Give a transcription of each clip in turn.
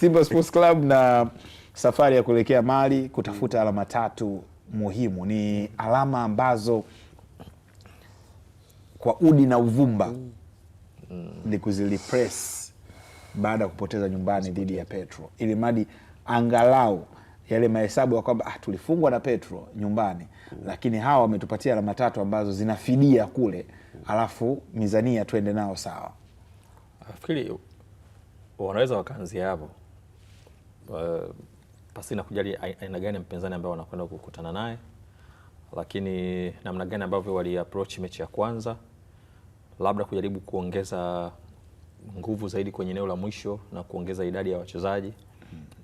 Simba Sports Club na safari ya kuelekea Mali kutafuta alama tatu muhimu. Ni alama ambazo kwa udi na uvumba ni kuzilipress baada ya kupoteza nyumbani dhidi ya Petro, ili madi angalau yale mahesabu ya kwamba ah, tulifungwa na Petro nyumbani Lakini hawa wametupatia alama tatu ambazo zinafidia kule, alafu mizania tuende nao sawa. Nafikiri wanaweza wakaanzia hapo Eh, pasi pasina kujali aina gani ya mpinzani ambaye wanakwenda kukutana naye, lakini namna gani ambavyo wali approach mechi ya kwanza, labda kujaribu kuongeza nguvu zaidi kwenye eneo la mwisho na kuongeza idadi ya wachezaji.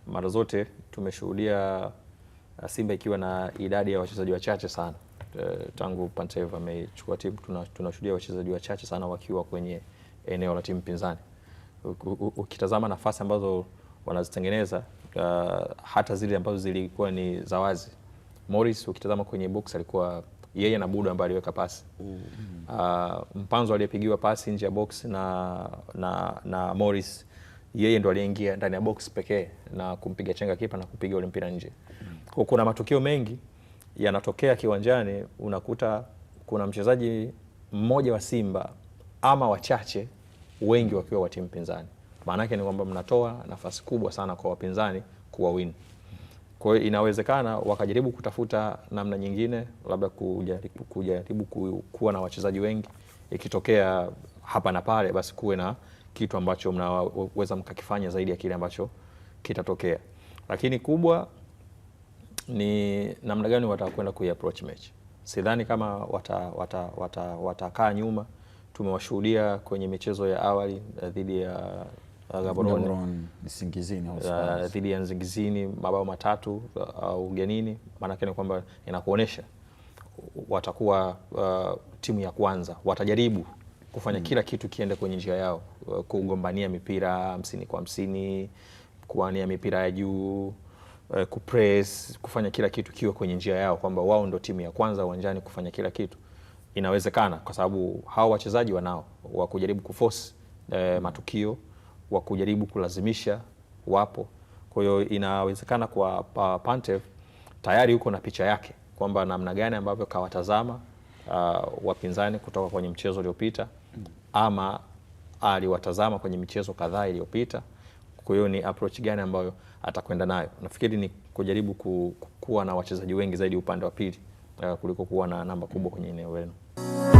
Mara zote tumeshuhudia eh, Simba ikiwa na idadi ya wachezaji wachache sana eh, tangu Pantev amechukua timu, tunashuhudia wachezaji wachache sana wakiwa kwenye eneo la timu pinzani. Ukitazama nafasi ambazo wanazitengeneza uh, hata zile ambazo zilikuwa ni za wazi. Morris ukitazama kwenye box alikuwa yeye na Budo ambaye aliweka pasi mm -hmm. uh, Mpanzo aliyepigiwa pasi nje ya box na, na, na Morris yeye ndo aliyeingia ndani ya box pekee na kumpiga chenga kipa na kupiga ule mpira nje mm -hmm. Kuna matukio mengi yanatokea kiwanjani, unakuta kuna mchezaji mmoja wa Simba ama wachache wengi wakiwa wa timu pinzani. Maanake ni kwamba mnatoa nafasi kubwa sana kwa wapinzani kuwa win. Kwa hiyo inawezekana wakajaribu kutafuta namna nyingine, labda kujaribu, kujaribu kuwa na wachezaji wengi, ikitokea hapa na pale, basi kuwe na kitu ambacho mnaweza mkakifanya zaidi ya kile ambacho kitatokea, lakini kubwa ni namna gani watakwenda kuiapproach mechi. Sidhani kama watakaa wata, wata, wata nyuma. Tumewashuhudia kwenye michezo ya awali eh, dhidi ya Eh, dhidi ya Nzingizini mabao matatu uh, au ugenini. Maanake ni kwamba inakuonyesha watakuwa uh, timu ya kwanza, watajaribu kufanya mm. kila kitu kiende kwenye njia yao, uh, kugombania mipira hamsini kwa hamsini, kuwania mipira ya juu Uh, kupress kufanya kila kitu kiwe kwenye njia yao, kwamba wao ndo timu ya kwanza uwanjani kufanya kila kitu. Inawezekana kwa sababu hao wachezaji wanao wa kujaribu kuforce uh, matukio wa kujaribu kulazimisha wapo. Kwa hiyo inawezekana kwa Pantev tayari yuko na picha yake kwamba namna gani ambavyo kawatazama uh, wapinzani kutoka kwenye mchezo uliopita ama aliwatazama kwenye michezo kadhaa iliyopita. Kwa hiyo ni approach gani ambayo atakwenda nayo? Nafikiri ni kujaribu ku, kuwa na wachezaji wengi zaidi upande wa pili uh, kuliko kuwa na namba kubwa kwenye eneo lenu.